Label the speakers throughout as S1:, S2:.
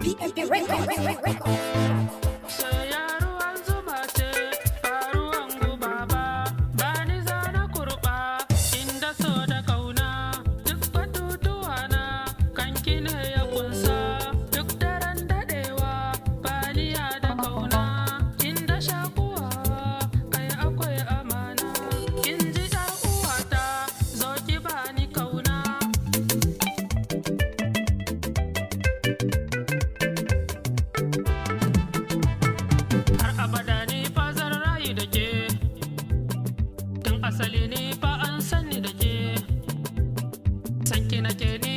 S1: PPP Records. asali ni fa an sani da ke sanki ke ni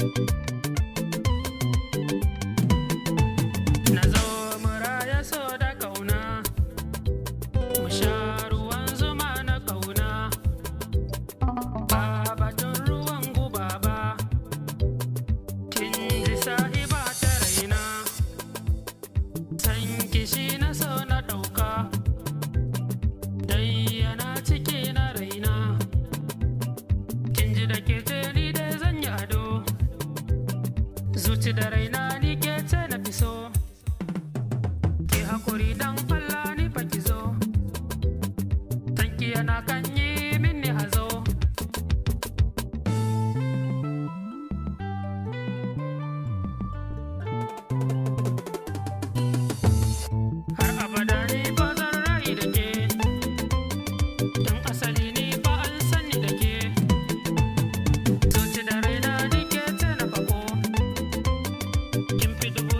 S1: Thank you. zuci da raina ni ke ce na fi so ki hakuri dan Allah ni baki zo tanki yana Quien pide